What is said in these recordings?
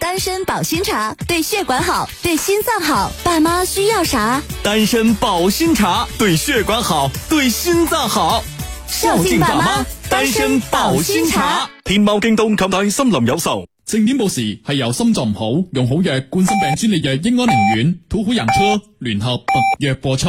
丹參保心茶對血管好，對心臟好。爸媽需要啥？丹參保心茶對血管好，對心臟好。孝敬爸媽，丹參保心茶，茶。天貓京東購大森林有售。正點報時係由心臟唔好用好藥，冠心病專利藥英安寧丸，途虎養車聯合特約播出。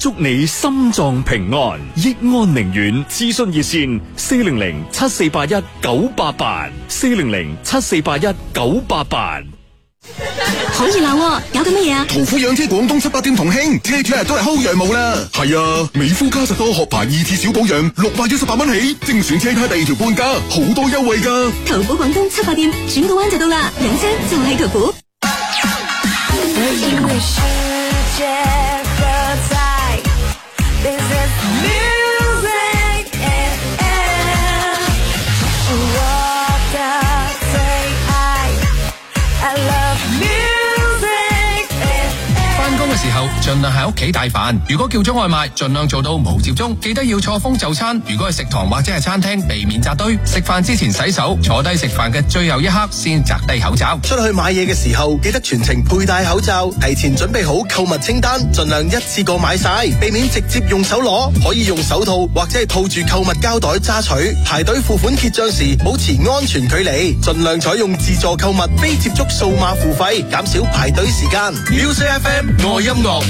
祝你心臟平安，億安陵遠諮詢熱線：四零零七四八一九八八，四零零七四八一九八八。好熱鬧，搞緊咩嘢啊？途虎養車廣東七八店同慶，車主日都係薅羊毛啦。係啊，美孚嘉實多殼牌二次小保養六百一十八蚊起，精選車胎第二條半價，好多優惠噶。途虎廣東七八店轉個彎就到啦，養車就喺途虎。盡量喺屋企帶飯，如果叫咗外賣，盡量做到冇接觸。記得要錯峰就餐，如果係食堂或者係餐廳，避免扎堆。食飯之前洗手，坐低食飯嘅最後一刻先摘低口罩。出去買嘢嘅時候，記得全程佩戴口罩，提前準備好購物清單，盡量一次過買晒，避免直接用手攞，可以用手套或者係套住購物膠袋揸取。排隊付款結賬時，保持安全距離，盡量採用自助購物，非接觸數碼付費，減少排隊時間。U C F M 外音樂。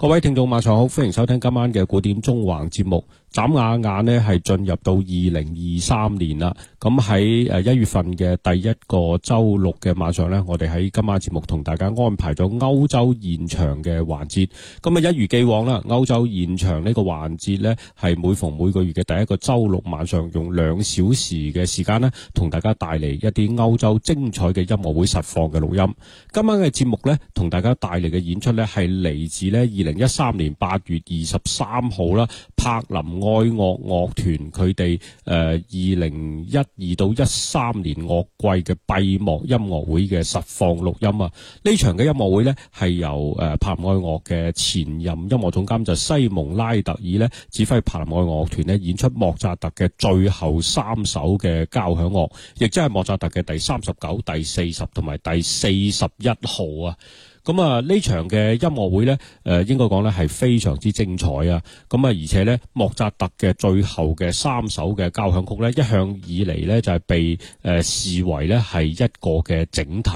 各位聽眾晚上好，歡迎收聽今晚嘅古典縱橫節目。眨下眼咧，係進入到二零二三年啦。咁喺誒一月份嘅第一個周六嘅晚上咧，我哋喺今晚節目同大家安排咗歐洲現場嘅環節。咁啊一如既往啦，歐洲現場呢個環節咧，係每逢每個月嘅第一個周六晚上，用兩小時嘅時間咧，同大家帶嚟一啲歐洲精彩嘅音樂會實況嘅錄音。今晚嘅節目咧，同大家帶嚟嘅演出咧，係嚟自咧二零一三年八月二十三號啦，柏林。愛樂樂團佢哋誒二零一二到一三年樂季嘅閉幕音樂會嘅實況錄音啊！呢場嘅音樂會呢，係由誒柏林愛樂嘅前任音樂總監就西蒙拉特爾呢指揮柏林愛樂團咧演出莫扎特嘅最後三首嘅交響樂，亦即係莫扎特嘅第三十九、第四十同埋第四十一號啊！咁啊，呢場嘅音樂會呢，誒，應該講呢係非常之精彩啊！咁啊，而且呢，莫扎特嘅最後嘅三首嘅交響曲呢，一向以嚟呢就係被誒視為呢係一個嘅整體，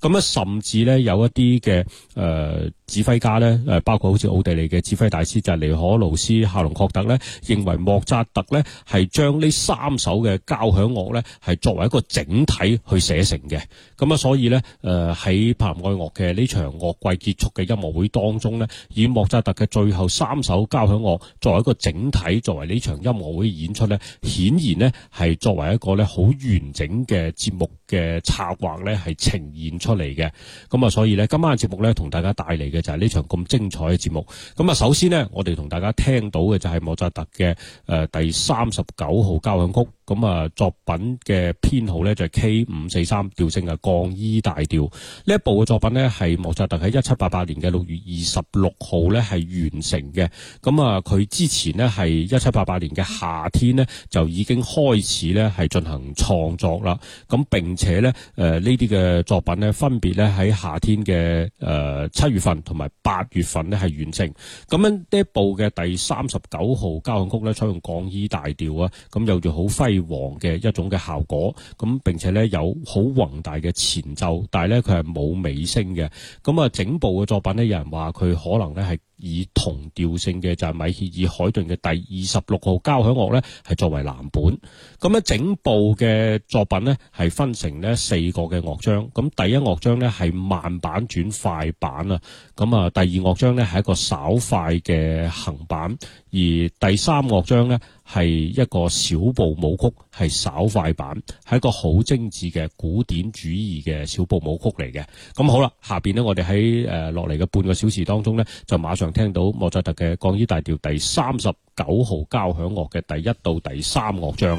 咁啊，甚至呢有一啲嘅誒。指揮家咧，誒包括好似奧地利嘅指揮大師就係、是、尼可·勞斯·夏隆霍特咧，認為莫扎特咧係將呢三首嘅交響樂咧係作為一個整體去寫成嘅。咁啊，所以咧，誒喺柏林愛樂嘅呢場樂季結束嘅音樂會當中咧，以莫扎特嘅最後三首交響樂作為一個整體，作為呢場音樂會演出咧，顯然咧係作為一個咧好完整嘅節目嘅策劃咧係呈現出嚟嘅。咁啊，所以咧今晚嘅節目咧同大家帶嚟嘅。就係、是、呢場咁精彩嘅節目。咁啊，首先咧，我哋同大家聽到嘅就係莫扎特嘅，誒、呃、第三十九號交響曲。咁啊，作品嘅編號咧就係 K 五四三，調性嘅降 E 大調。呢一部嘅作品咧，係莫扎特喺一七八八年嘅六月二十六號咧係完成嘅。咁啊，佢之前咧係一七八八年嘅夏天咧就已經開始咧係進行創作啦。咁並且咧，誒呢啲嘅作品咧分別咧喺夏天嘅誒七月份同埋八月份咧係完成。咁樣呢一部嘅第三十九號交響曲咧採用降 E 大調啊，咁又住好輝。黃嘅一種嘅效果，咁並且咧有好宏大嘅前奏，但係咧佢係冇尾聲嘅。咁啊，整部嘅作品咧，有人話佢可能咧係以同調性嘅就係、是、米歇爾海頓嘅第二十六號交響樂咧，係作為藍本。咁咧，整部嘅作品咧係分成呢四個嘅樂章。咁第一樂章咧係慢板轉快板啊。咁啊，第二樂章咧係一個稍快嘅行板，而第三樂章咧。係一個小步舞曲，係稍快板，係一個好精緻嘅古典主義嘅小步舞曲嚟嘅。咁、嗯、好啦，下邊呢，我哋喺誒落嚟嘅半個小時當中呢，就馬上聽到莫扎特嘅降 E 大調第三十九號交響樂嘅第一到第三樂章。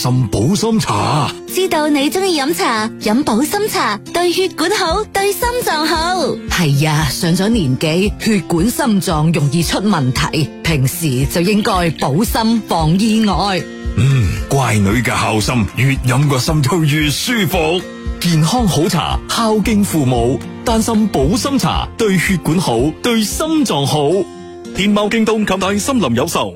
心保心茶，知道你中意飲茶，飲保心茶對血管好，對心臟好。係呀，上咗年紀，血管心臟容易出問題，平時就應該保心防意外。嗯，乖女嘅孝心，越飲個心就越舒服。健康好茶，孝敬父母，丹參保心茶對血管好，對心臟好。天貓、京東、各大森林有售。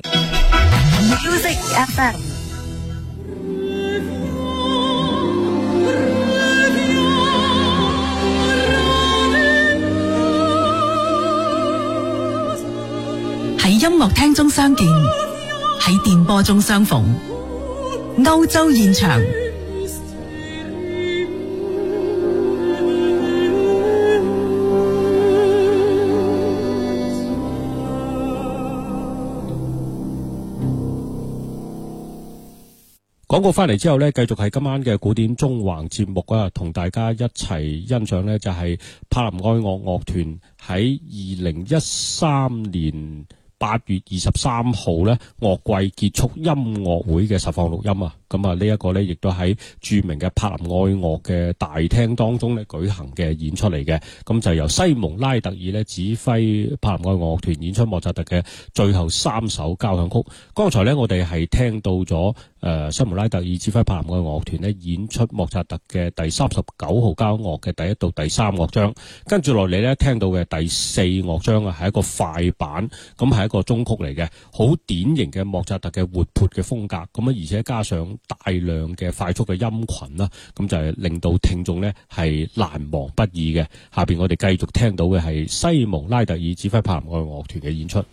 音樂廳中相見，喺電波中相逢。歐洲現場廣告翻嚟之後呢，繼續喺今晚嘅古典縱橫節目啊，同大家一齊欣賞呢，就係柏林愛樂樂團喺二零一三年。八月二十三號呢，樂季結束音樂會嘅實況錄音啊！咁啊，呢一個咧，亦都喺著名嘅柏林愛樂嘅大廳當中咧舉行嘅演出嚟嘅。咁就由西蒙拉特爾咧指揮柏林愛樂樂團演出莫扎特嘅最後三首交響曲。剛才咧，我哋係聽到咗誒、呃，西蒙拉特爾指揮柏林愛樂樂團咧演出莫扎特嘅第，第，第三十九號交響樂嘅第一到第三樂章。跟住落嚟咧，聽到嘅第四樂章啊，係一個快板，咁係一個終曲嚟嘅，好典型嘅莫扎特嘅活潑嘅風格。咁啊，而且加上。大量嘅快速嘅音群啦，咁就係令到聽眾呢係難忘不已嘅。下邊我哋繼續聽到嘅，係西蒙拉特爾指揮柏林愛樂團嘅演出。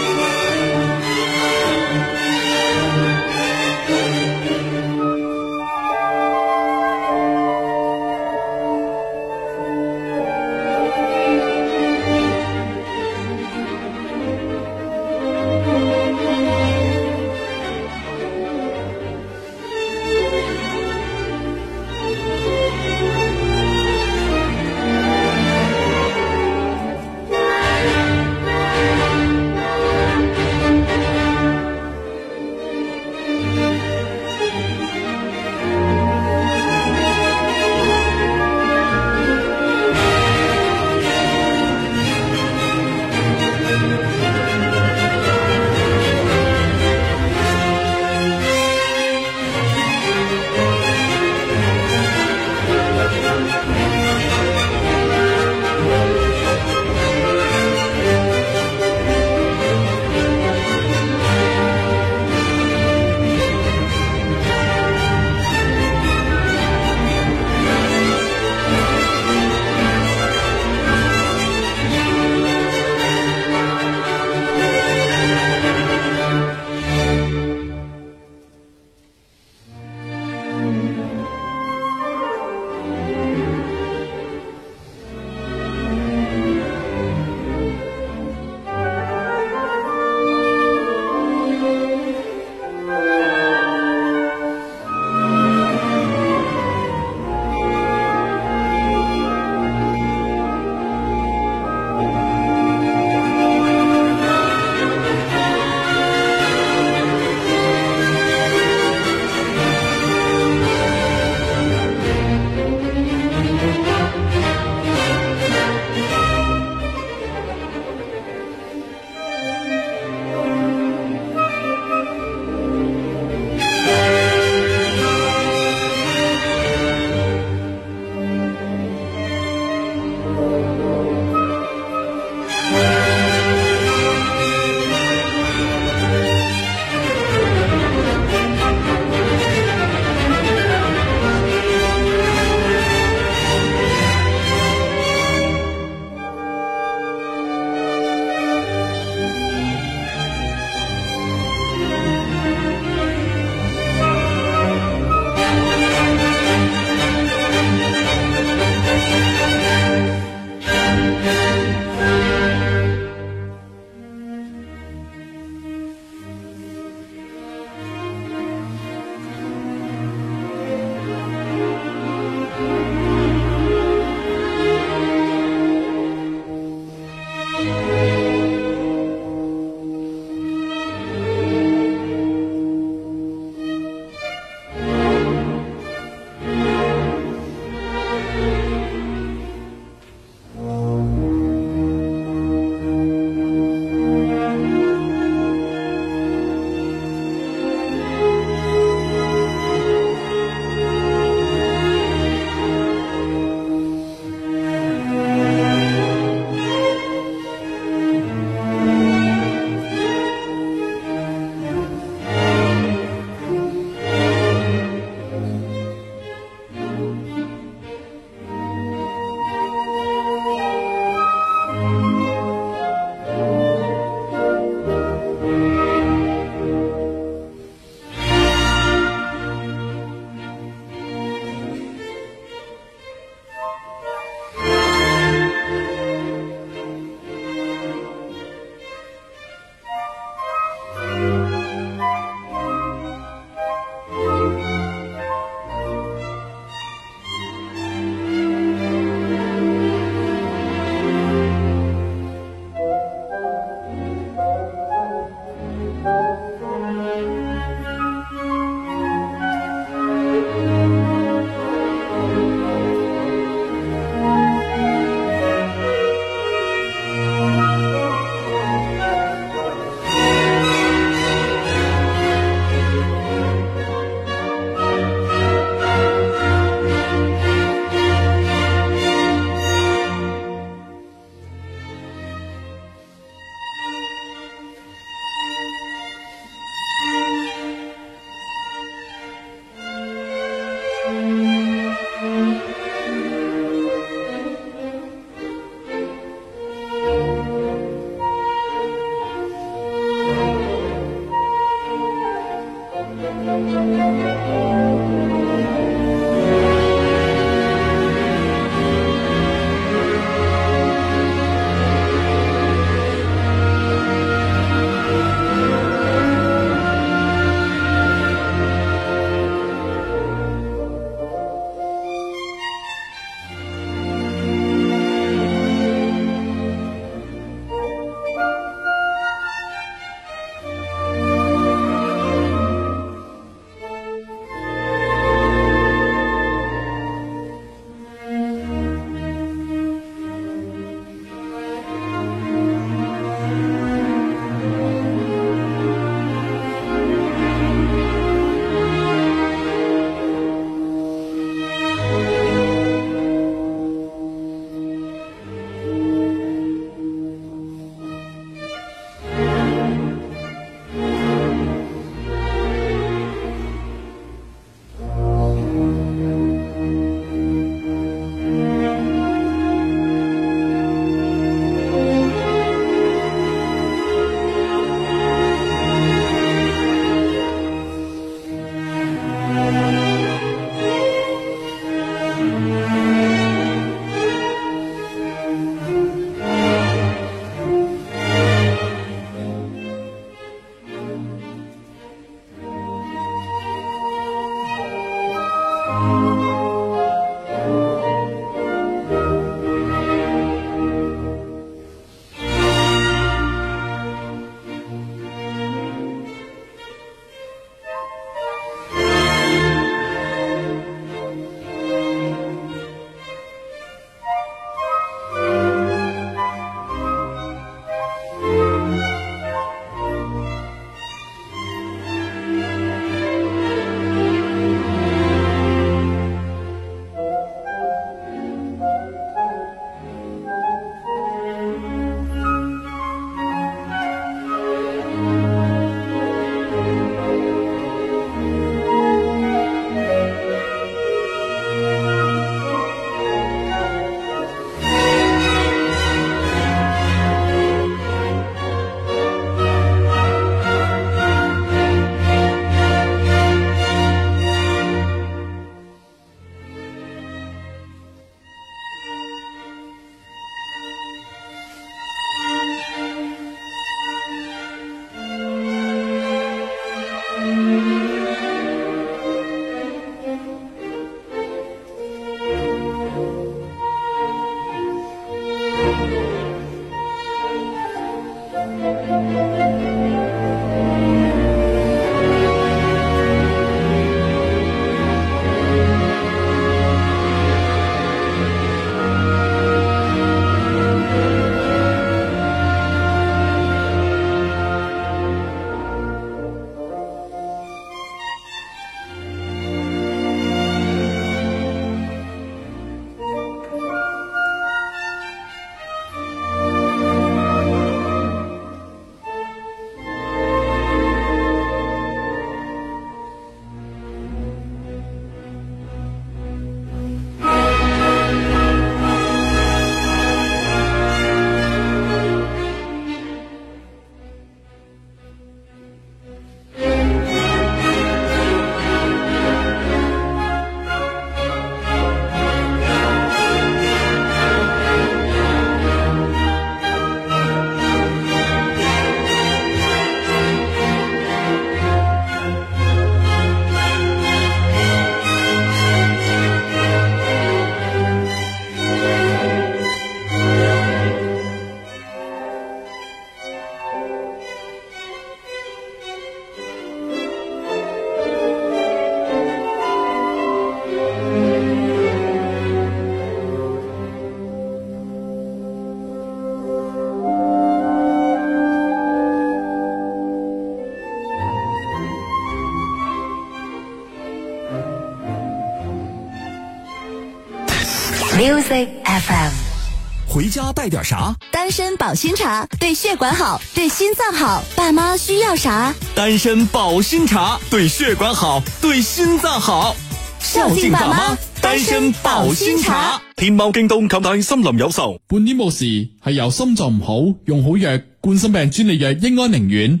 回家帶點啥？丹參保心茶對血管好，對心臟好。爸媽需要啥？丹參保心茶對血管好，對心臟好。孝敬爸媽，丹參保心茶，茶。天貓、京東、感淘森林有售。半年無事，係由心臟唔好用好藥，冠心病專利藥益安寧丸，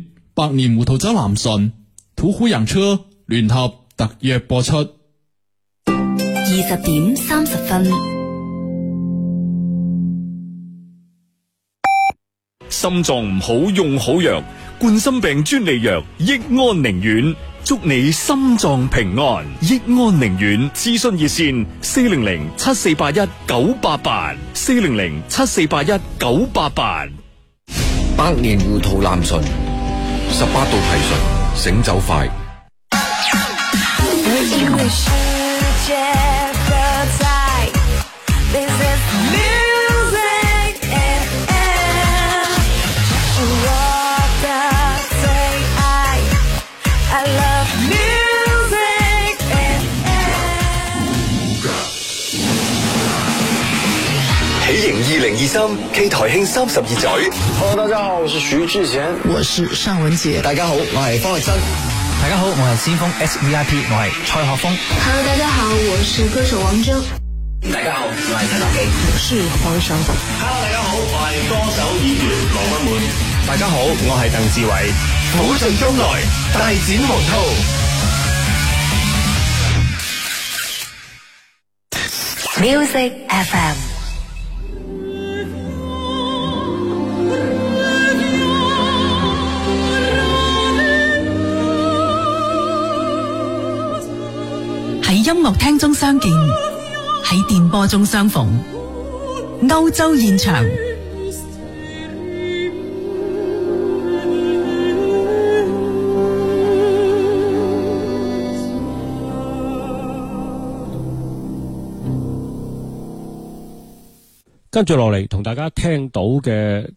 百年胡桃酒南順，途虎養車聯合特約播出。二十點三十分。心臟唔好用好藥，冠心病專利藥益安寧丸，祝你心臟平安。益安寧丸諮詢熱線：四零零七四八一九八八，四零零七四八一九八八。百年糊塗難順，十八度提順醒酒快。K 台慶三十二歲。Hello，大家好，我是徐志賢，我是尚文傑，大家好，我係方力申，大家好，我係先鋒 SVIP，我係蔡學峰。Hello，大家好，我是歌手王錚，大家好，我係陳柏宇，我是歌手。Hello，大家好，我係歌手演員羅文滿，大家好，我係鄧志偉，寶聚中來，大展宏圖。Music F M。喺音樂廳中相見，喺電波中相逢，歐洲現場。跟住落嚟同大家聽到嘅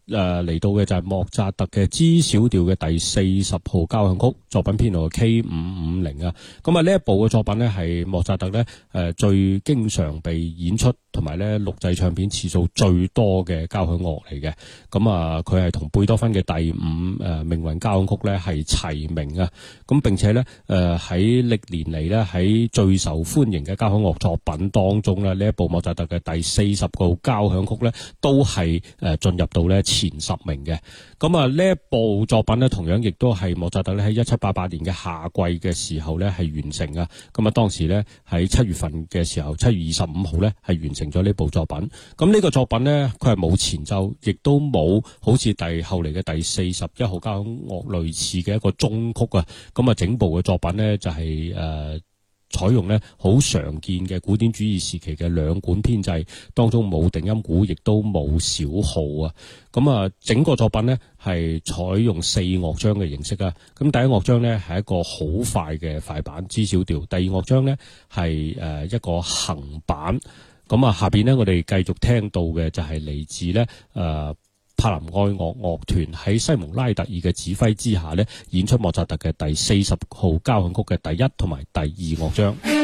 誒嚟到嘅就係莫扎特嘅 G 小調嘅第四十號交響曲作品編號 K 五五零啊，咁啊呢一部嘅作品咧係莫扎特咧誒、啊、最經常被演出同埋咧錄製唱片次數最多嘅交響樂嚟嘅，咁啊佢係同貝多芬嘅第五誒命運交響曲咧係齊名啊，咁、啊、並且咧誒喺歷年嚟咧喺最受歡迎嘅交響樂作品當中咧呢、啊、一部莫扎特嘅第四十號交響曲咧都係進入到咧前十名嘅。咁啊呢一部作品咧同樣亦都係莫扎特咧喺一七八八年嘅夏季嘅時候咧係完成嘅。咁啊當時咧喺七月份嘅時候，七月二十五號咧係完成咗呢部作品，咁呢個作品咧佢係冇前奏，亦都冇好似第後嚟嘅第四十一號交響樂類似嘅一個終曲啊，咁啊整部嘅作品咧就係、是、誒。呃採用咧好常見嘅古典主義時期嘅兩管編制，當中冇定音鼓，亦都冇小號啊。咁啊，整個作品呢係採用四樂章嘅形式啊。咁第一樂章呢係一個好快嘅快板知小調，第二樂章呢係一個行板。咁啊，下面呢，我哋繼續聽到嘅就係嚟自呢。柏林愛樂樂團喺西蒙拉特爾嘅指揮之下呢，演出莫扎特嘅第四十號交響曲嘅第一同埋第二樂章。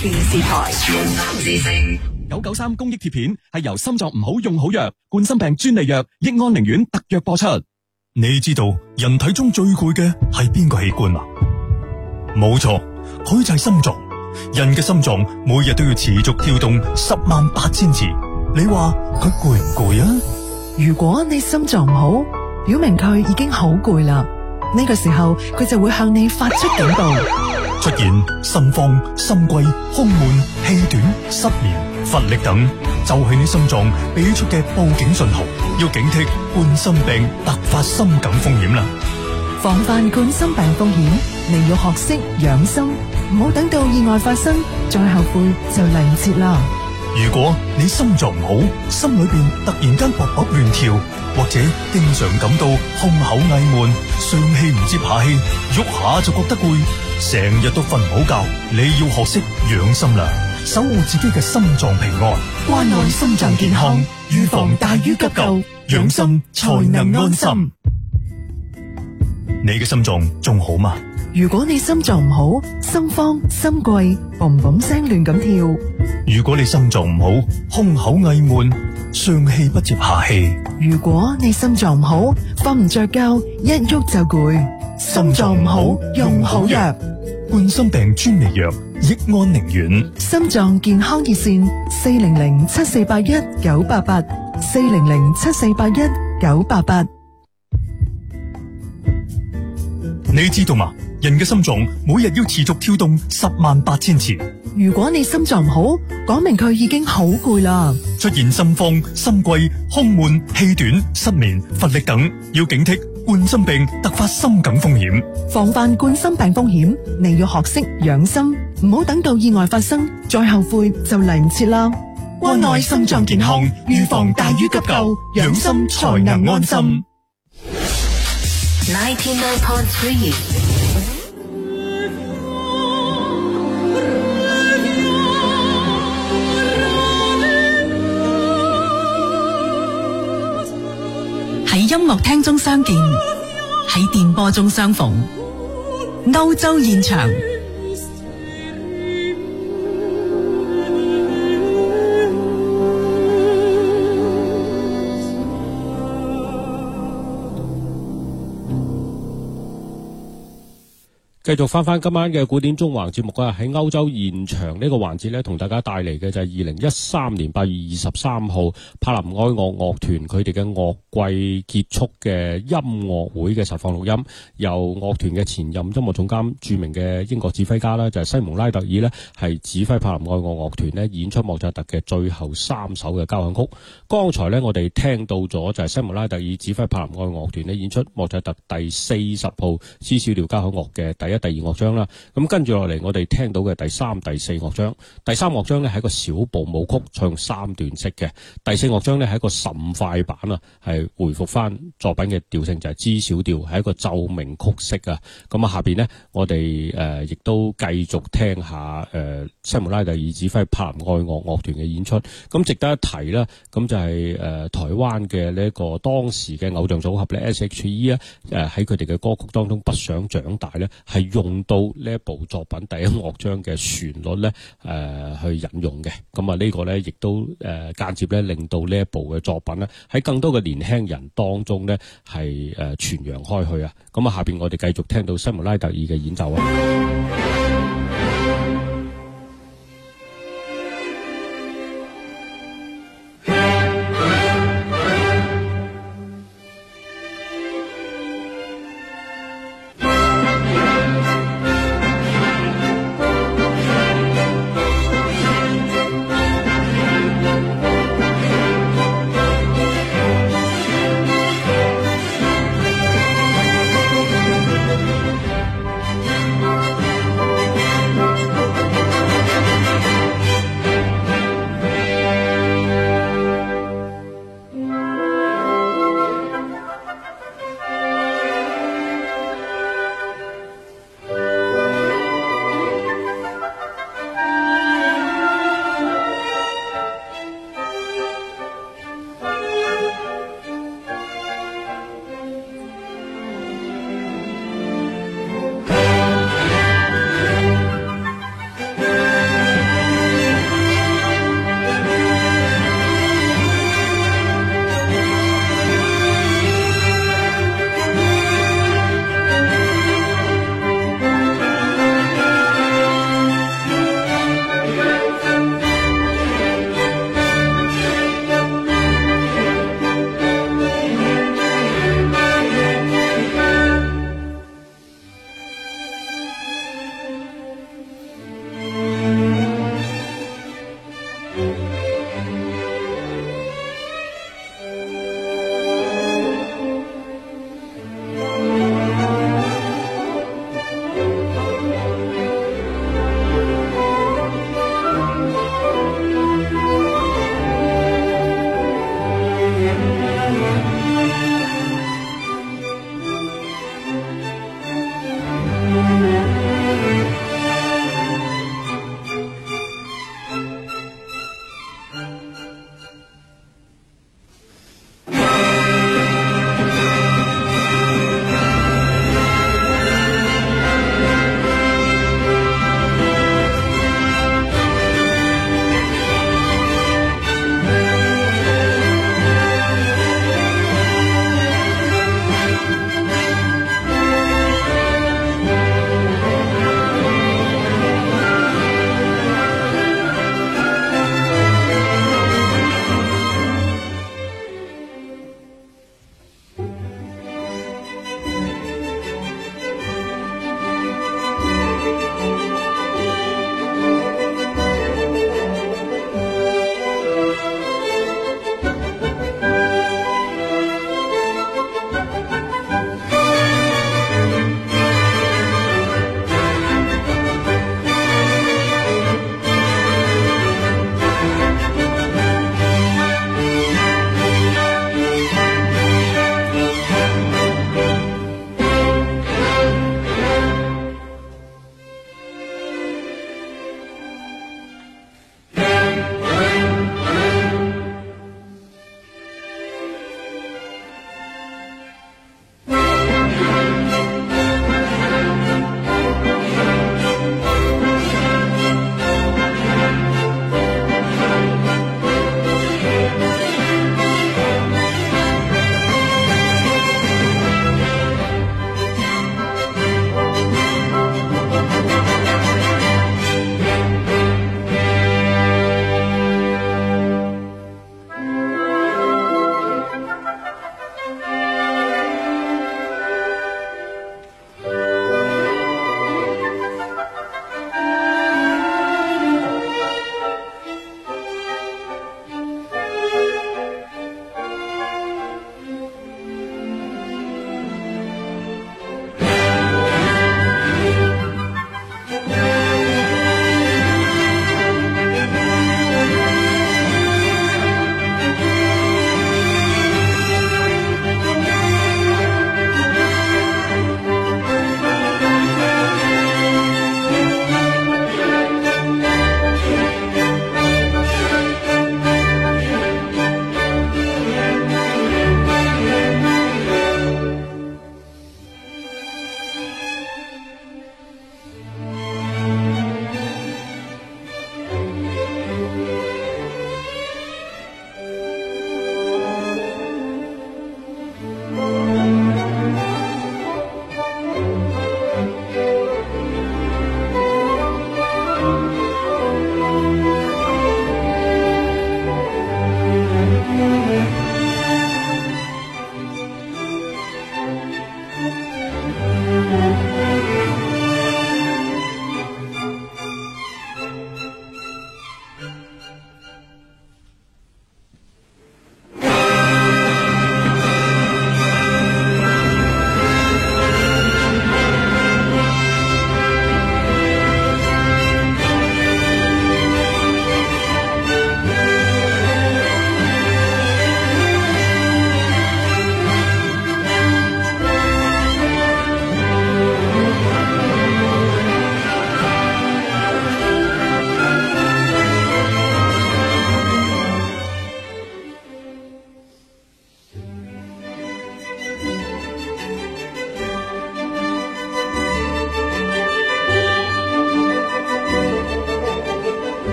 電視台三之聲九九三公益貼片係由心臟唔好用好藥冠心病專利藥益安寧丸特約播出。你知道人體中最攰嘅係邊個器官啊？冇錯，佢就係心臟。人嘅心臟每日都要持續跳動十萬八千次，你話佢攰唔攰啊？如果你心臟唔好，表明佢已經好攰啦。呢個時候佢就會向你發出警告。 出現心慌、心悸、胸悶、氣短、失眠、乏力等，就係、是、你心臟俾出嘅報警信號，要警惕冠心病突發心梗風險啦。防範冠心病風險，你要學識養心，唔好等到意外發生再後悔就嚟唔切啦。如果你心臟唔好，心裏邊突然間搏搏亂跳，或者經常感到胸口翳悶、上氣唔接下氣，喐下就覺得攰，成日都瞓唔好覺，你要學識養心啦，守護自己嘅心臟平安。關愛心臟健康，預防大於急救，養心才能安心。你嘅心臟仲好嗎？如果你心臟唔好，心慌心悸，嘣嘣聲亂咁跳；如果你心臟唔好，胸口翳悶，上氣不接下氣；如果你心臟唔好，瞓唔着覺，一喐就攰。心臟唔好，用好藥，冠心病專利藥益安寧丸。心臟健康熱線：四零零七四八一九八八，四零零七四八一九八八。你知道嗎？人嘅心臟每日要持續跳動十萬八千次。如果你心臟唔好，講明佢已經好攰啦。出現心慌、心悸、胸悶、氣短、失眠、乏力等，要警惕冠心病突發心梗風險。防範冠心病風險，你要學識養心，唔好等到意外發生再後悔就嚟唔切啦。關愛心臟健康，預防大於急救，養心才能安心。Ninety nine point three. 喺音樂廳中相見，喺電波中相逢，歐洲現場。繼續翻翻今晚嘅古典中環節目啊！喺歐洲現場呢個環節呢，同大家帶嚟嘅就係二零一三年八月二十三號柏林愛樂樂團佢哋嘅樂季結束嘅音樂會嘅實況錄音。由樂團嘅前任音樂總監、著名嘅英國指揮家呢就係西蒙拉特爾呢係指揮柏林愛樂樂團呢演出莫扎特嘅最後三首嘅交響曲。剛才呢，我哋聽到咗就係西蒙拉特爾指揮柏林愛樂樂團呢演出莫扎特第四十號 G 小調交響樂嘅第一。第二樂章啦，咁跟住落嚟，我哋聽到嘅第三、第四樂章。第三樂章呢係一個小步舞曲，唱三段式嘅。第四樂章呢係一個甚快板，啊，係回復翻作品嘅調性，就係、是、G 小調，係一個奏鳴曲式啊。咁啊，下邊呢，我哋誒亦都繼續聽下誒。呃西姆拉特爾指揮拍《愛樂樂團》嘅演出，咁值得一提咧。咁就係、是、誒、呃、台灣嘅呢一個當時嘅偶像組合咧 SHE 喺佢哋嘅歌曲當中《不想長大》咧，係用到呢一部作品第一樂章嘅旋律咧誒去引用嘅。咁啊呢個咧亦都誒、呃、間接咧令到呢一部嘅作品咧喺更多嘅年輕人當中咧係誒傳揚開去啊。咁啊下邊我哋繼續聽到西姆拉特爾嘅演奏啊。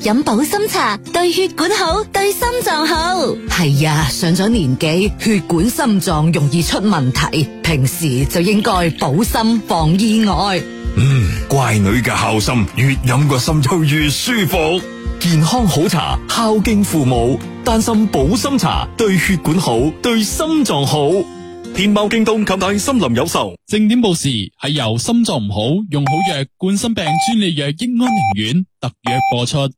飲保心茶對血管好，對心臟好。係呀，上咗年紀，血管心臟容易出問題，平時就應該保心防意外。嗯，乖女嘅孝心，越飲個心就越舒服。健康好茶，孝敬父母。丹心保心茶對血管好，對心臟好。天貓京東、咁大森林有售。正點報時係由心臟唔好用好藥冠心病專利藥益安寧丸特約播出。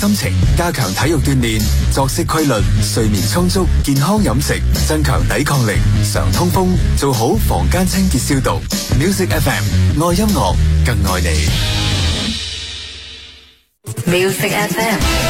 心情，加強體育鍛煉，作息規律，睡眠充足，健康飲食，增強抵抗力，常通風，做好房間清潔消毒。Music FM，愛音樂，更愛你。Music FM。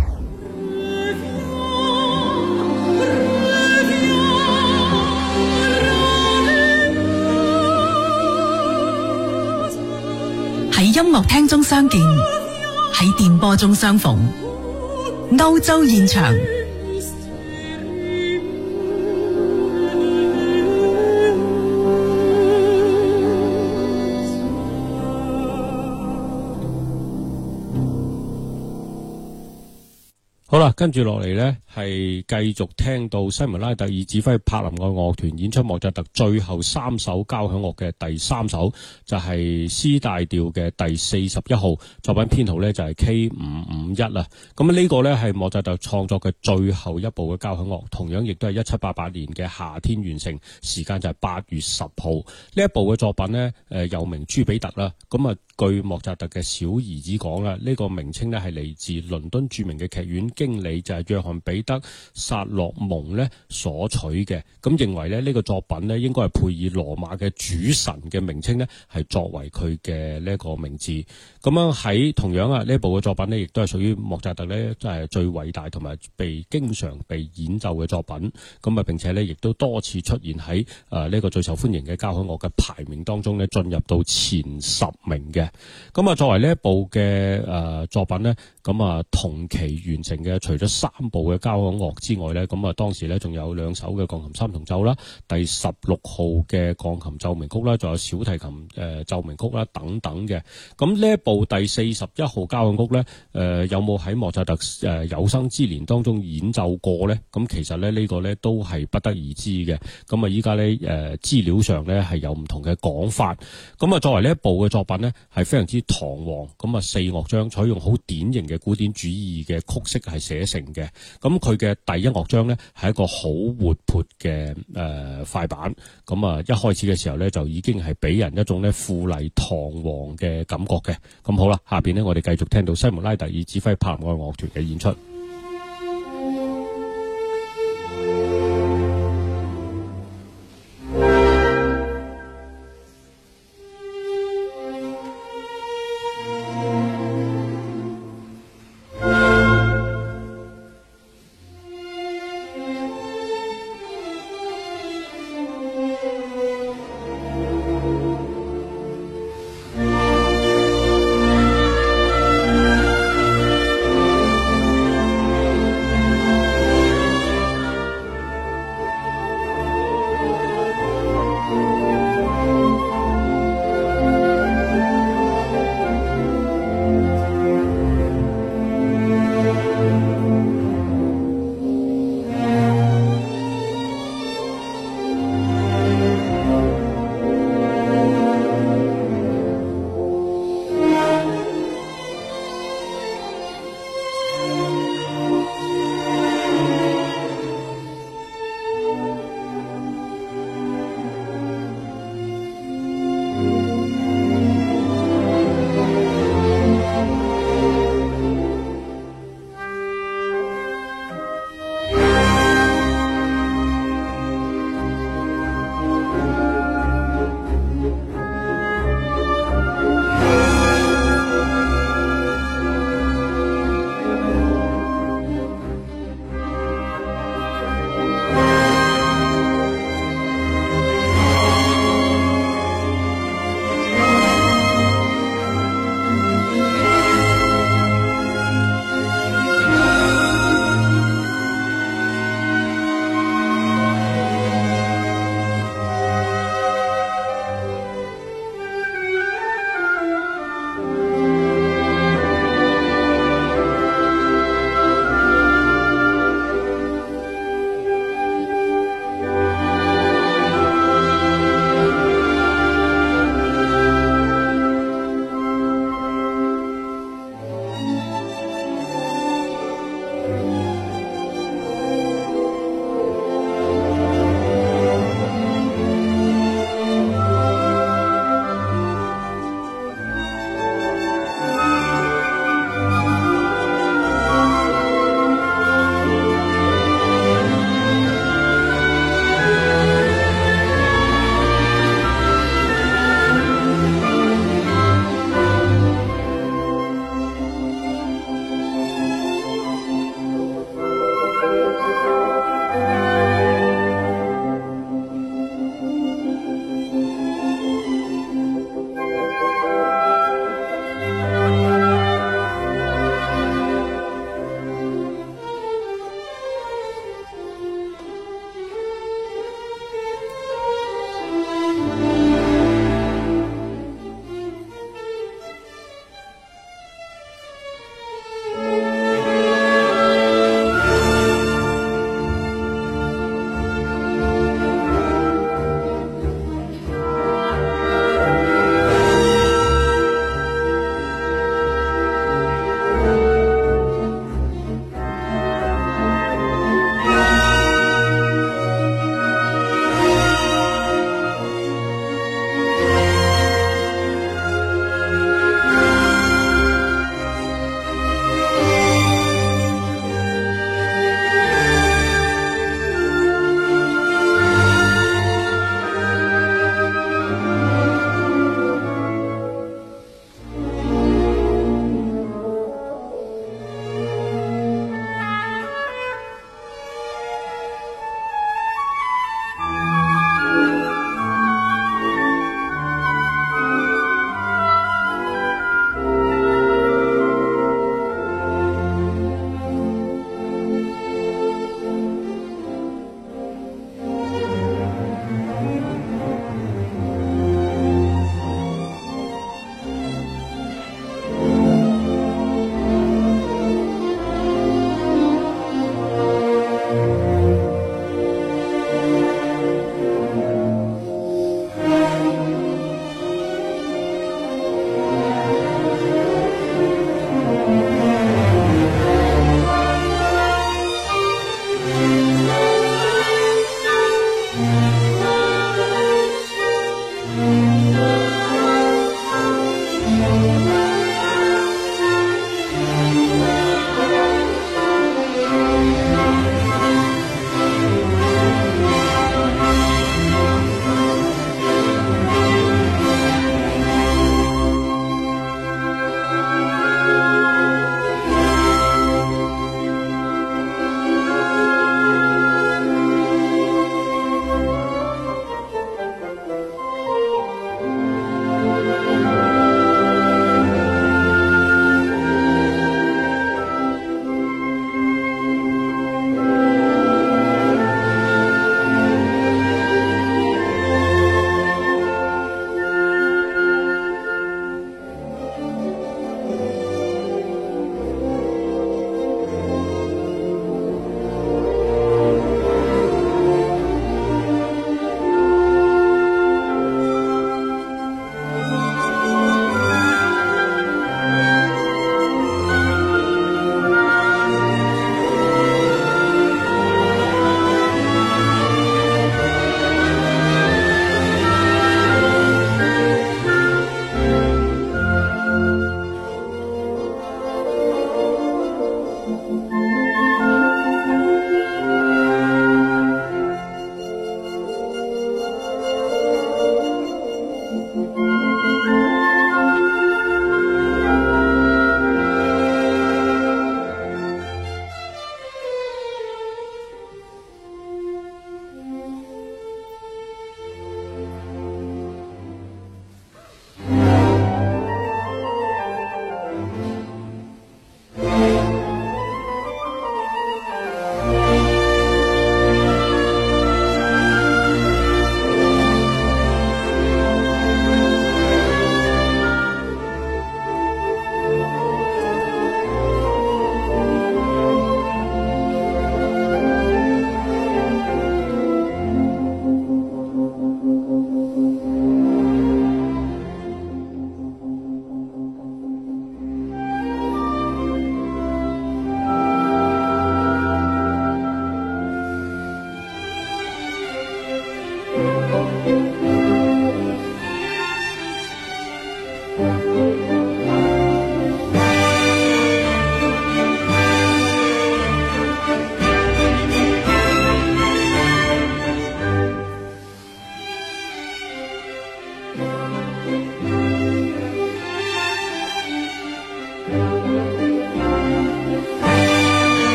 喺音樂廳中相見，喺電波中相逢，歐洲現場。跟住落嚟呢，係繼續聽到西蒙拉特爾指揮柏林愛樂樂團演出莫扎特最後三首交響樂嘅第三首，就係、是、C 大調嘅第四十一號作品編號呢，就係 K 五五一啦。咁呢個呢，係莫扎特創作嘅最後一部嘅交響樂，同樣亦都係一七八八年嘅夏天完成，時間就係八月十號。呢一部嘅作品呢，誒又名朱比特啦。咁啊據莫扎特嘅小兒子講啦，呢、呢個名稱呢，係嚟自倫敦著名嘅劇院經。理就係、是、約翰彼得薩洛蒙咧所取嘅，咁認為咧呢個作品咧應該係配以羅馬嘅主神嘅名稱咧係作為佢嘅呢一個名字，咁樣喺同樣啊呢一部嘅作品咧亦都係屬於莫扎特咧真係最偉大同埋被經常被演奏嘅作品，咁啊並且咧亦都多次出現喺誒呢個最受歡迎嘅交響樂嘅排名當中咧進入到前十名嘅。咁啊作為呢一部嘅誒作品咧，咁啊同期完成嘅。除咗三部嘅交響樂之外咧，咁啊當時咧仲有兩首嘅鋼琴三重奏啦，第十六號嘅鋼琴奏鳴曲啦，仲有小提琴誒奏鳴曲啦等等嘅。咁呢一部第四十一號交響曲咧，誒、呃、有冇喺莫扎特誒有生之年當中演奏過咧？咁其實咧呢個咧都係不得而知嘅。咁啊依家咧誒資料上咧係有唔同嘅講法。咁啊作為呢一部嘅作品咧，係非常之堂皇。咁啊四樂章採用好典型嘅古典主義嘅曲式係寫成嘅，咁佢嘅第一樂章呢，係一個好活潑嘅誒快板，咁啊一開始嘅時候呢，就已經係俾人一種呢富麗堂皇嘅感覺嘅，咁好啦，下邊呢，我哋繼續聽到西蒙拉特爾指揮柏林愛樂團嘅演出。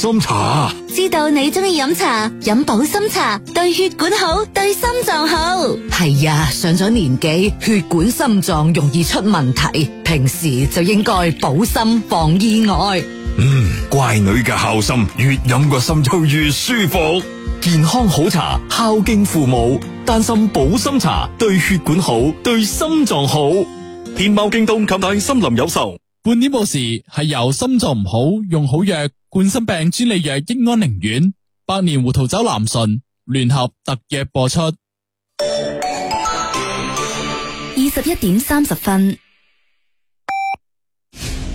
心茶知道你中意飲茶，飲保心茶對血管好，對心臟好。係啊，上咗年紀，血管心臟容易出問題，平時就應該保心防意外。嗯，乖女嘅孝心，越飲個心就越舒服。健康好茶，孝敬父母，丹心保心茶對血管好，對心臟好。天貓、京東、近大森林有售。半年冇事係由心臟唔好，用好藥。冠心病專利藥益安寧丸，百年胡桃酒南順聯合特約播出。二十一點三十分，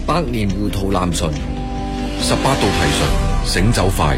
百年胡桃南順，十八度提純，醒酒快。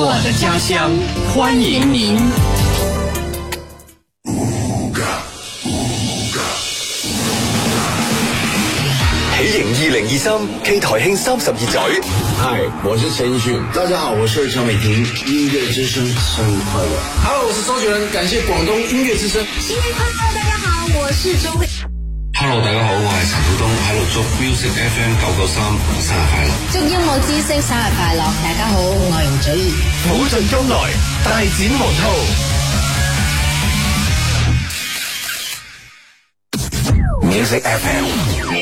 我的家鄉歡迎您。喜迎二零二三，K 台慶三十一載。嗨，我是陳奕迅。大家好，我是陳偉霆。音樂之聲，新年快樂。哈囉，我是周杰倫。感謝廣東音樂之聲。新年快樂，大家好，我是周慧。Hello，大家好，我係陳曉東喺度祝 music FM 九九三生日快樂，祝音樂知識生日快樂，大家好，我係容祖兒，好聚好來，大展宏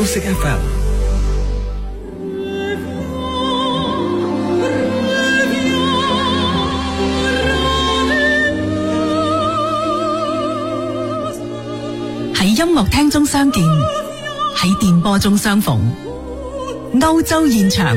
圖，music FM，music FM。喺音樂廳中相見，喺電波中相逢，歐洲現場。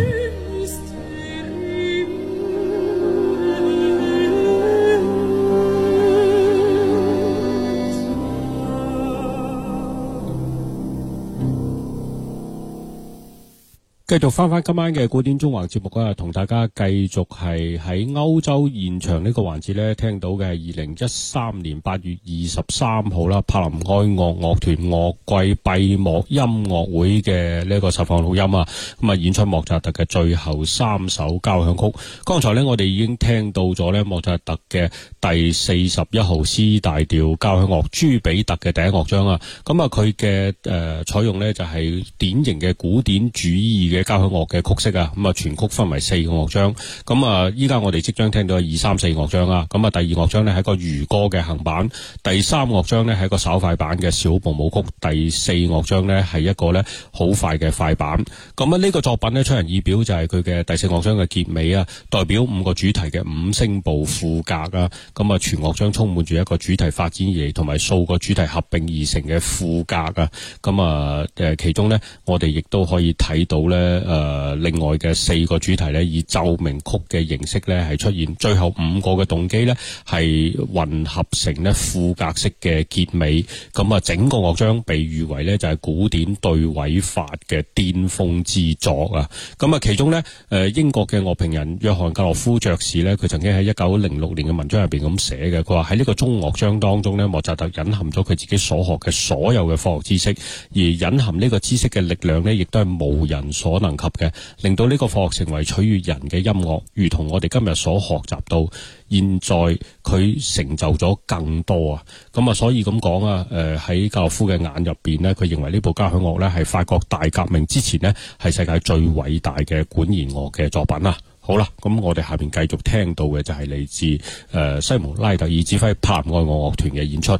繼續翻翻今晚嘅古典縱橫節目啊，同大家繼續係喺歐洲現場呢個環節咧，聽到嘅係二零一三年八月二十三號啦，柏林愛樂樂團樂季閉幕音樂會嘅呢個實況錄音啊，咁啊演出莫扎特嘅最後三首交響曲。剛才咧我哋已經聽到咗咧莫扎特嘅第四十一號 C 大調交響樂朱比特嘅第一樂章啊，咁啊佢嘅誒採用咧就係、是、典型嘅古典主義嘅。交響樂嘅曲式啊，咁啊全曲分為四個樂章，咁啊依家我哋即將聽到二三四樂章啊，咁啊第二樂章呢係一個如歌嘅行板；第三樂章呢係一個稍快板嘅小步舞曲，第四樂章呢係一個呢好快嘅快板。咁啊呢個作品呢，出人意表就係佢嘅第四樂章嘅結尾啊，代表五個主題嘅五聲部副格啊，咁啊全樂章充滿住一個主題發展而嚟，同埋數個主題合併而成嘅副格啊，咁啊誒其中呢，我哋亦都可以睇到呢。誒、呃，另外嘅四個主題呢，以奏鳴曲嘅形式呢係出現，最後五個嘅動機呢係混合成呢賦格式嘅結尾，咁啊整個樂章被譽為呢就係、是、古典對位法嘅巔峰之作啊！咁啊，其中呢，誒、呃、英國嘅樂評人約翰格洛夫爵士呢，佢曾經喺一九零六年嘅文章入邊咁寫嘅，佢話喺呢個中樂章當中呢，莫扎特隱含咗佢自己所學嘅所有嘅科學知識，而隱含呢個知識嘅力量呢亦都係無人所能及嘅，令到呢個課學成為取悅人嘅音樂，如同我哋今日所學習到，現在佢成就咗更多啊！咁啊，所以咁講啊，誒、呃、喺教夫嘅眼入邊呢，佢認為呢部交響樂呢係法國大革命之前呢，係世界最偉大嘅管弦樂嘅作品啦。好啦，咁我哋下邊繼續聽到嘅就係嚟自誒、呃、西蒙拉特爾指揮柏林愛樂樂團嘅演出。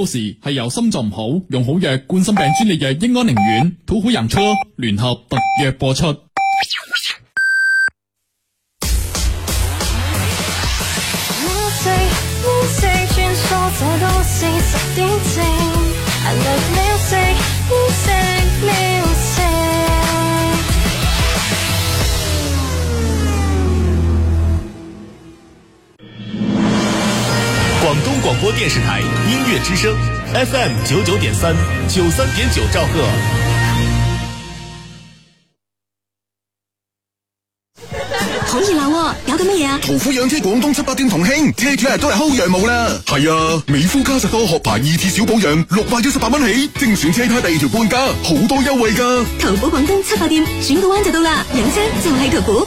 當時係由心臟唔好，用好藥冠心病專利藥英安寧丸，土好人車聯合特約播出。FM 九九點三，九三點九兆赫。好熱鬧，哦，搞緊乜嘢啊？途虎養車廣東七八店同慶，車主日都係薅羊毛啦。係啊，美孚加實多，殼牌二次小保養，六百一十八蚊起，精選車胎第二條半價，好多優惠噶。途虎廣東七八店，轉個彎就到啦，養車就係途虎。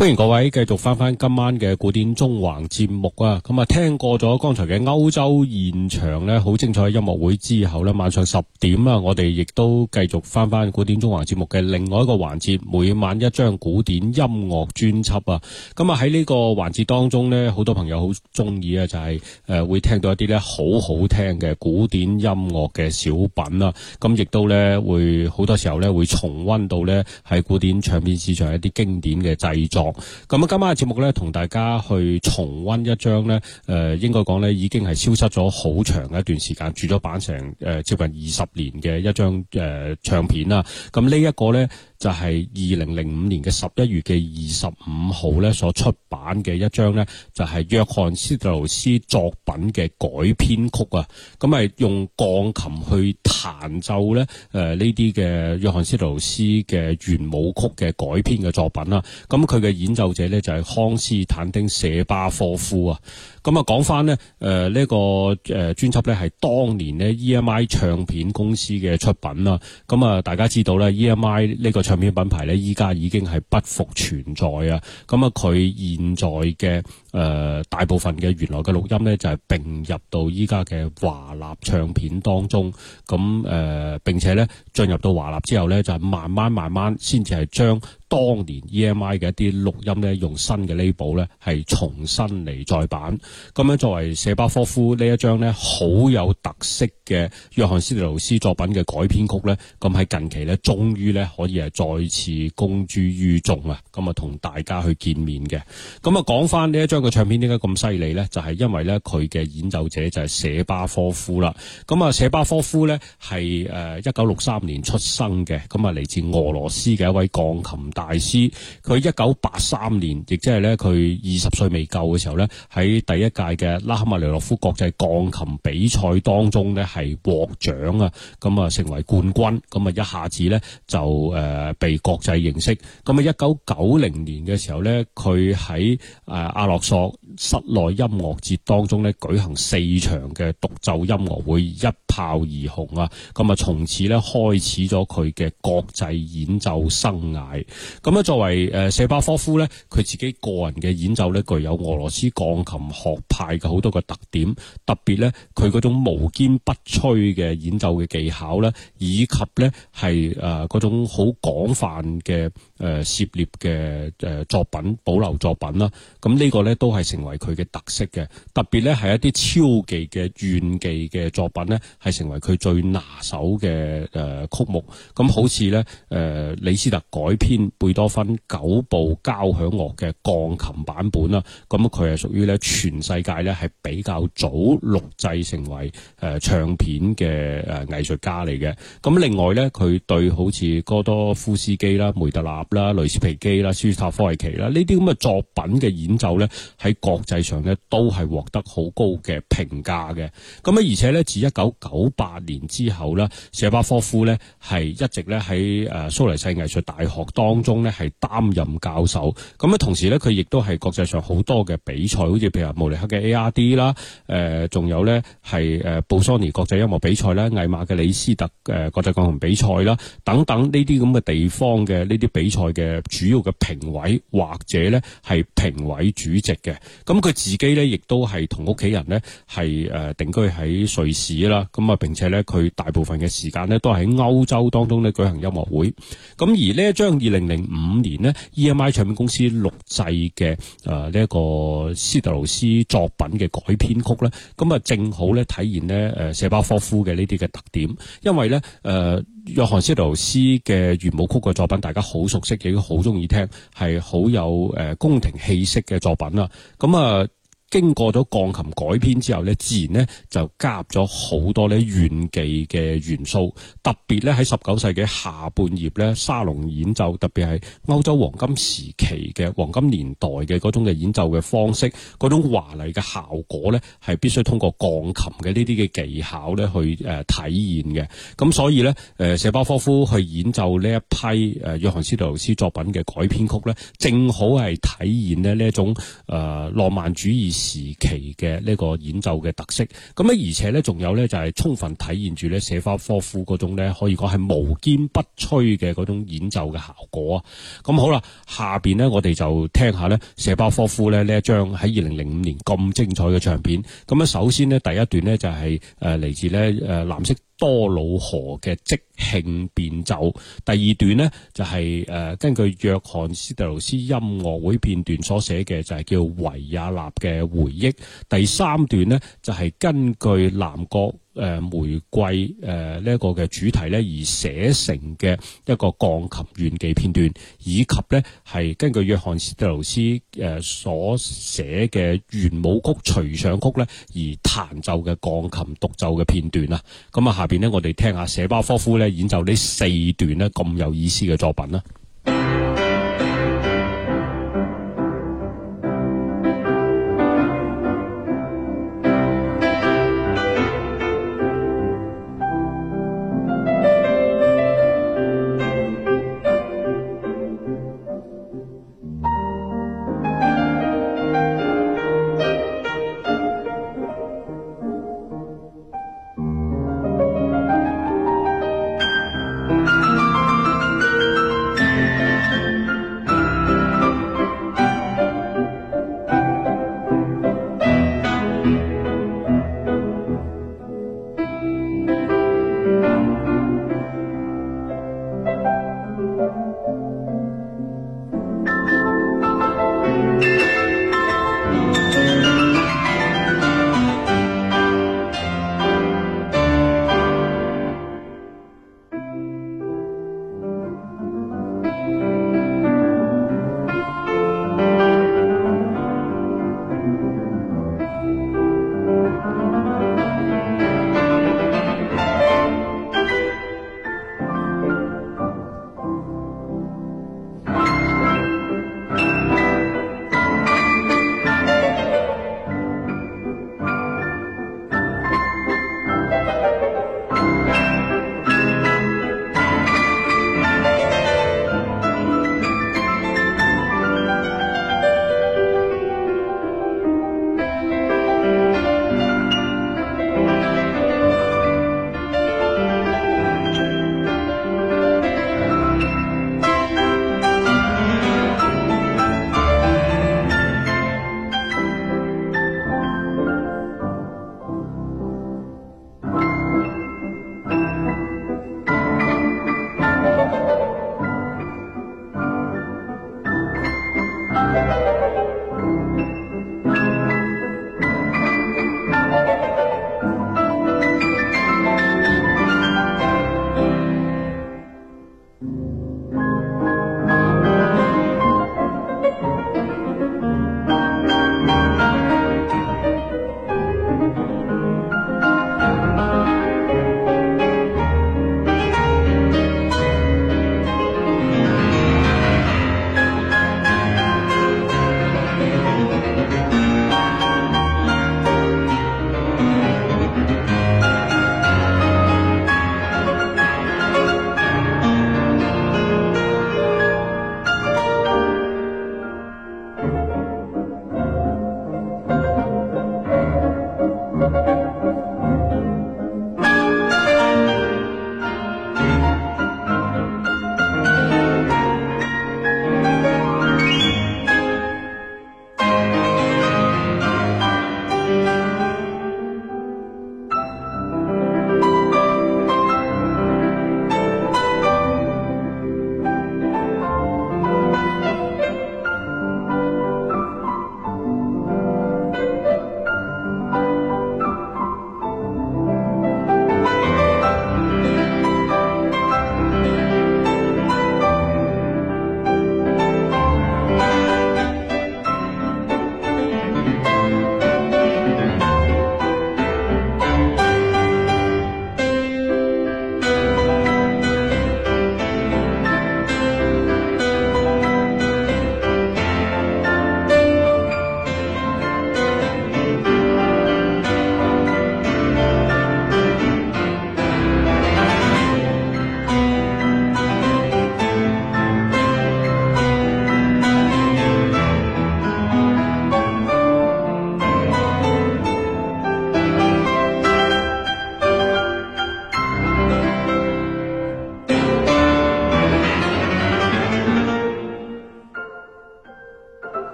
歡迎各位繼續翻翻今晚嘅古典縱橫節目啊！咁啊，聽過咗剛才嘅歐洲現場呢，好精彩嘅音樂會之後呢，晚上十點啊，我哋亦都繼續翻翻古典縱橫節目嘅另外一個環節，每晚一張古典音樂專輯啊！咁啊，喺呢個環節當中呢，好多朋友好中意啊，就係誒會聽到一啲呢好好聽嘅古典音樂嘅小品啊。咁亦都呢，會好多時候呢，會重溫到呢喺古典唱片市場一啲經典嘅製作。咁今晚嘅節目呢，同大家去重温一張呢，誒、呃，應該講呢已經係消失咗好長嘅一段時間，住咗版成誒接近二十年嘅一張誒、呃、唱片啦。咁呢一個呢，就係二零零五年嘅十一月嘅二十五號呢所出版嘅一張呢，就係、是、約翰斯特勞斯作品嘅改編曲啊。咁係用鋼琴去彈奏呢誒呢啲嘅約翰斯特勞斯嘅圓舞曲嘅改編嘅作品啦、啊。咁佢嘅演奏者咧就係康斯坦丁·舍巴科夫啊，咁啊講翻呢，呢個誒專輯呢係當年呢 EMI 唱片公司嘅出品啦，咁啊大家知道呢 EMI 呢個唱片品牌呢，依家已經係不復存在啊，咁啊佢現在嘅。誒、呃、大部分嘅原來嘅錄音咧，就係、是、併入到依家嘅華納唱片當中，咁、嗯、誒、呃、並且咧進入到華納之後咧，就係慢慢慢慢先至係將當年 EMI 嘅一啲錄音咧，用新嘅 label 咧係重新嚟再版。咁、嗯、樣作為舍巴科夫呢一張咧好有特色嘅約翰斯蒂勞斯作品嘅改編曲咧，咁、嗯、喺近期咧終於咧可以係再次公諸於眾啊！咁啊同大家去見面嘅。咁啊講翻呢一張。個唱片點解咁犀利呢？就係因為呢，佢嘅演奏者就係舍巴科夫啦。咁啊，舍巴科夫呢係誒一九六三年出生嘅，咁啊嚟自俄羅斯嘅一位鋼琴大師。佢一九八三年，亦即係呢，佢二十歲未夠嘅時候呢，喺第一屆嘅拉赫瑪尼諾夫國際鋼琴比賽當中呢，係獲獎啊！咁啊，成為冠軍，咁啊一下子呢，就誒被國際認識。咁啊，一九九零年嘅時候呢，佢喺誒阿諾。作室內音樂節當中咧舉行四場嘅獨奏音樂會一炮而紅啊！咁啊從此咧開始咗佢嘅國際演奏生涯。咁啊作為誒謝巴科夫咧，佢自己個人嘅演奏咧，具有俄羅斯鋼琴學派嘅好多個特點，特別咧佢嗰種無堅不摧嘅演奏嘅技巧咧，以及咧係誒嗰種好廣泛嘅。誒、呃、涉獵嘅、呃、作品保留作品啦，咁呢個呢都係成為佢嘅特色嘅，特別呢係一啲超技嘅炫技嘅作品呢，係成為佢最拿手嘅誒、呃、曲目。咁好似呢，誒、呃、李斯特改編貝多芬九部交響樂嘅鋼琴版本啦，咁佢係屬於呢全世界呢係比較早錄製成為誒、呃、唱片嘅誒、呃、藝術家嚟嘅。咁另外呢，佢對好似哥多夫斯基啦、梅特納啦，雷斯皮基啦，舒斯塔科維奇啦，呢啲咁嘅作品嘅演奏咧，喺國際上咧都係獲得好高嘅評價嘅。咁啊，而且咧，自一九九八年之後咧，謝巴科夫咧係一直咧喺誒蘇黎世藝術大學當中咧係擔任教授。咁啊，同時咧，佢亦都係國際上好多嘅比賽，好似譬如慕尼黑嘅 ARD 啦，誒仲有咧係誒布索尼國際音樂比賽啦、魏瑪嘅李斯特誒國際鋼琴比賽啦，等等呢啲咁嘅地方嘅呢啲比賽嘅主要嘅評委或者咧係評委主席嘅，咁佢自己咧亦都係同屋企人咧係誒定居喺瑞士啦，咁啊並且咧佢大部分嘅時間咧都係喺歐洲當中咧舉行音樂會，咁而呢一張二零零五年咧 EMI 唱片公司錄製嘅誒呢一個斯特勞斯作品嘅改編曲咧，咁、呃、啊正好咧體現咧誒謝巴科夫嘅呢啲嘅特點，因為咧誒。呃約翰施特勞斯嘅圓舞曲嘅作品，大家好熟悉，亦都好中意聽，係好有誒宮廷氣息嘅作品啦。咁、嗯、啊～經過咗鋼琴改編之後咧，自然咧就加入咗好多咧炫技嘅元素，特別咧喺十九世紀下半葉咧，沙龍演奏特別係歐洲黃金時期嘅黃金年代嘅嗰種嘅演奏嘅方式，嗰種華麗嘅效果咧，係必須通過鋼琴嘅呢啲嘅技巧咧去誒體現嘅。咁所以咧誒謝巴科夫去演奏呢一批誒約翰·施特勞斯作品嘅改編曲咧，正好係體現咧呢一種誒浪漫主義。時期嘅呢個演奏嘅特色，咁咧而且咧仲有咧就係充分體現住咧謝巴科夫嗰種咧可以講係無堅不摧嘅嗰種演奏嘅效果啊！咁好啦，下邊咧我哋就聽下咧謝巴科夫咧呢一張喺二零零五年咁精彩嘅唱片。咁咧首先咧第一段咧就係誒嚟自咧誒藍色多瑙河嘅即興變奏，第二段呢，就係、是、誒、呃、根據約翰斯特勞斯音樂會片段所寫嘅，就係、是、叫維也納嘅回憶。第三段呢，就係、是、根據南國，誒、呃、玫瑰誒、呃這個、呢一個嘅主題咧，而寫成嘅一個鋼琴炫技片段，以及咧係根據約翰斯特勞斯誒所寫嘅圓舞曲、隨想曲咧，而彈奏嘅鋼琴獨奏嘅片段啊。咁啊，下邊咧我哋聽下謝巴科夫咧演奏呢四段咧咁有意思嘅作品啦。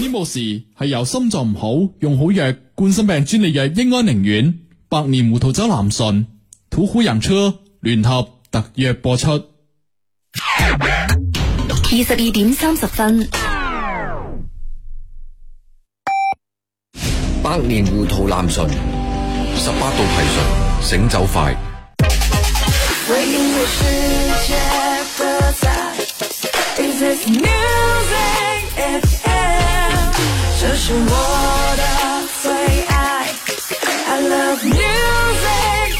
衣部戲係由心臟唔好用好藥冠心病專利藥英安寧丸、百年胡桃酒南順、土虎人車聯合特約播出。二十二點三十分，百年胡桃南順，十八度提醇，醒酒快。我的最愛 I love music,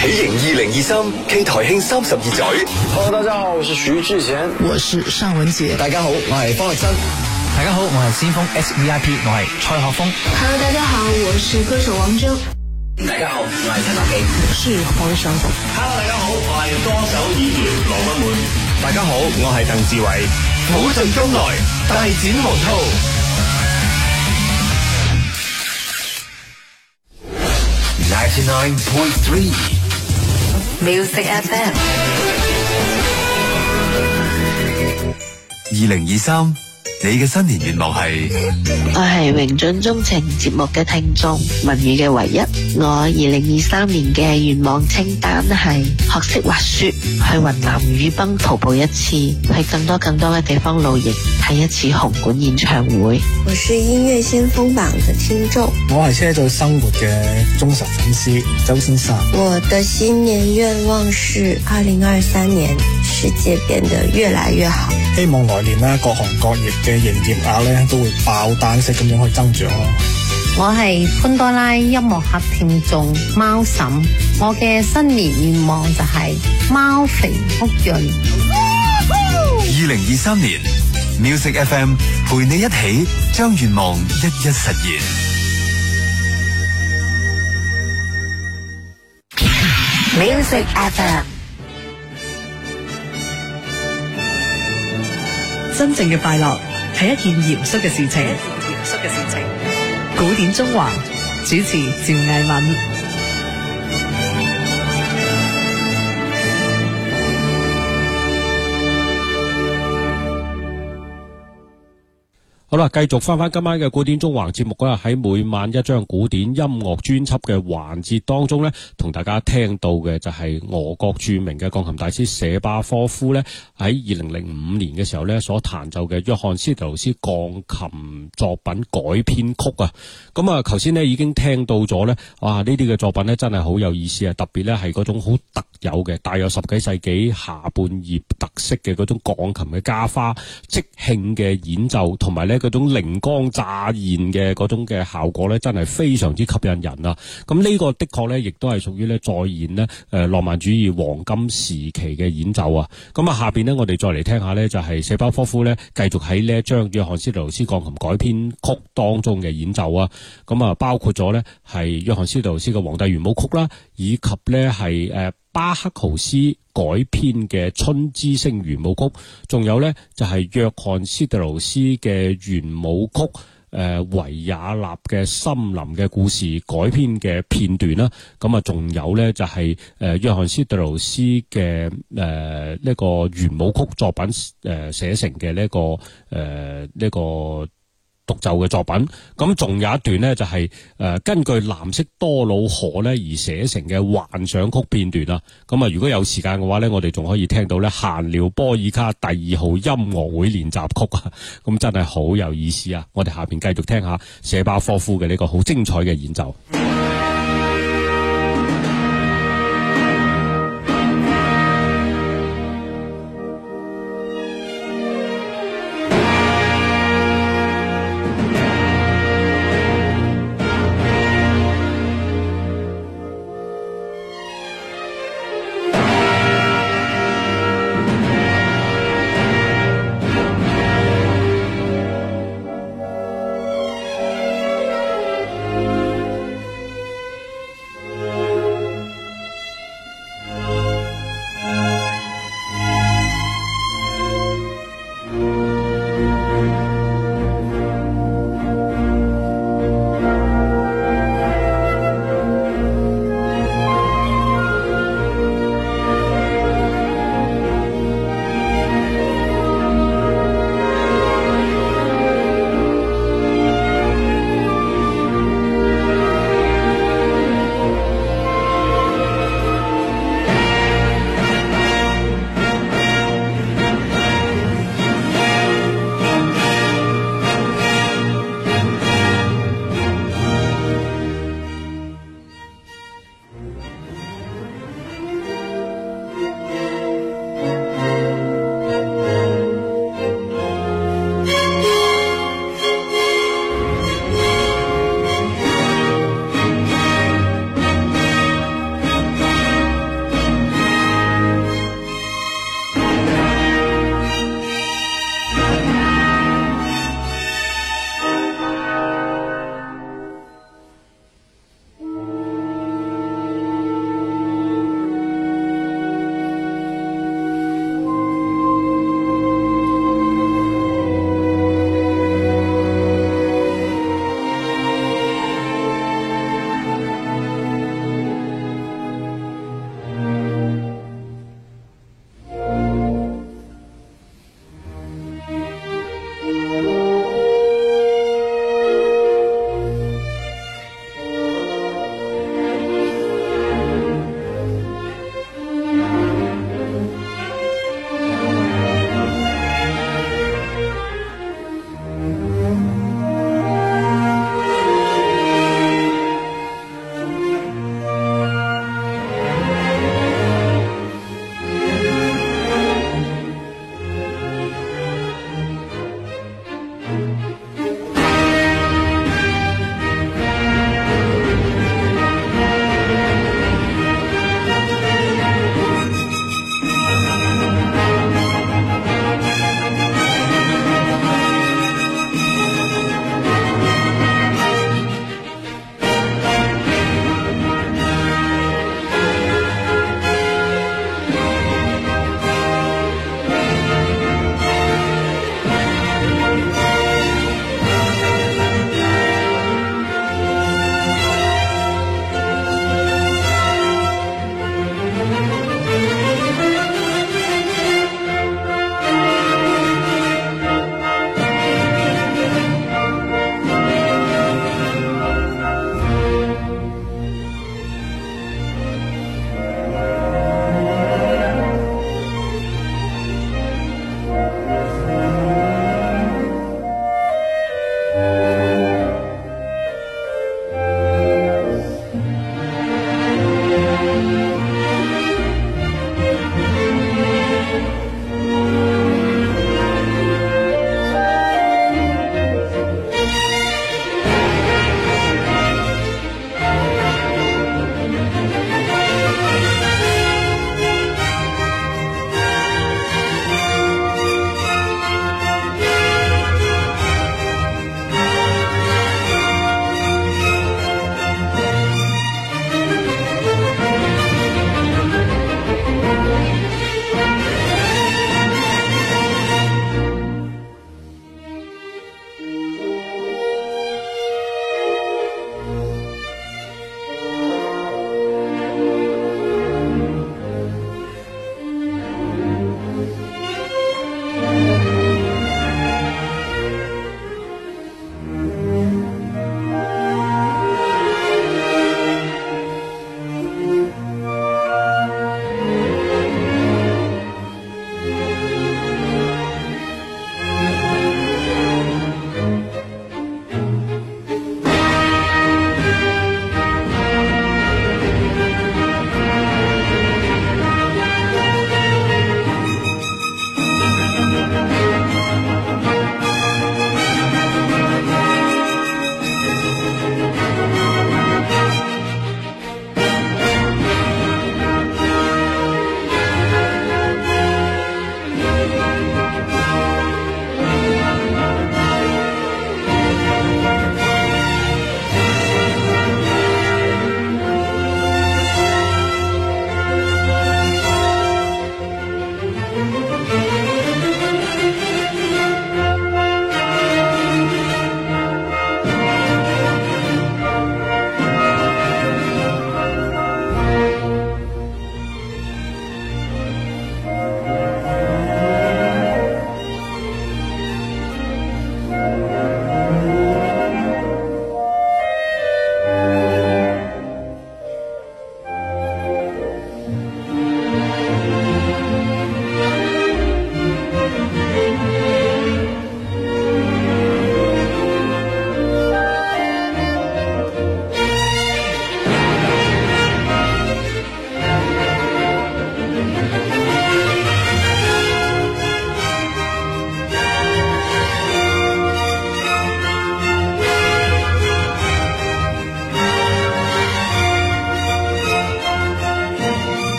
喜迎二零二三，K 台慶三十二載。Hello，大家好，我是徐志賢，我是尚雯婕。大家好，我係方力申。大家好，我係先鋒 SVIP，我係蔡學峰。Hello，大家好，我是歌手王錚。大家好，我係陳柏宇，舒開心。Hello，大家好，我係歌手、演員羅冠滿。大家好，我係鄧志偉。好事終來，大展宏圖。Ninety nine point three Music FM 二零二三。你嘅新年願望係？我係榮駿鍾情節目嘅聽眾，文宇嘅唯一。我二零二三年嘅願望清單係：學識滑雪，嗯、去雲南雨崩徒步一次，去更多更多嘅地方露營，睇一次紅館演唱會。我是音樂先鋒榜嘅聽眾。我係車載生活嘅忠實粉絲周先生。我的新年願望是二零二三年世界變得越來越好。希望來年啦，各行各業嘅營業額咧都會爆單式咁樣去增長。我係潘多拉音樂盒聽眾貓嬸，我嘅新年願望就係貓肥屋潤。二零二三年，music FM 陪你一起將願望一一實現。music FM 真正嘅快樂。係一件嚴肅嘅事情。古典縱橫主持趙藝敏好啦，繼續返返今晚嘅古典縱橫節目啦。喺每晚一張古典音樂專輯嘅環節當中呢，同大家聽到嘅就係俄國著名嘅鋼琴大師舍巴科夫呢，喺二零零五年嘅時候呢，所彈奏嘅約翰斯特勞斯鋼琴作品改編曲啊。咁啊，頭先呢已經聽到咗呢啊，呢啲嘅作品呢真係好有意思啊！特別呢係嗰種好特。有嘅，帶有十幾世紀下半葉特色嘅嗰種鋼琴嘅加花即興嘅演奏，同埋咧嗰種靈光乍現嘅嗰種嘅效果咧，真係非常之吸引人啦、啊。咁、嗯、呢、這個的確咧，亦都係屬於咧再現呢誒、呃，浪漫主義黃金時期嘅演奏啊。咁、嗯、啊，下邊呢，我哋再嚟聽，聽下咧，就係、是、謝包科夫咧，繼續喺呢一張約翰斯德勞斯鋼琴改編曲當中嘅演奏啊。咁、嗯、啊，包括咗咧係約翰斯德勞斯嘅《皇帝圓舞曲》啦，以及咧係誒。巴克豪斯改編嘅《春之聲圓舞曲》，仲有咧就係約翰斯特勞斯嘅圓舞曲，誒維也納嘅森林嘅故事改編嘅片段啦。咁啊，仲有咧就係誒約翰斯特勞斯嘅誒呢個圓舞曲作品誒寫成嘅呢個誒呢個。呃這個獨奏嘅作品，咁仲有一段呢，就是，就係誒根據藍色多瑙河呢而寫成嘅幻想曲片段啦。咁啊，如果有時間嘅話呢，我哋仲可以聽到呢閒聊波爾卡第二號音樂會練習曲啊。咁真係好有意思啊！我哋下邊繼續聽下謝巴科夫嘅呢個好精彩嘅演奏。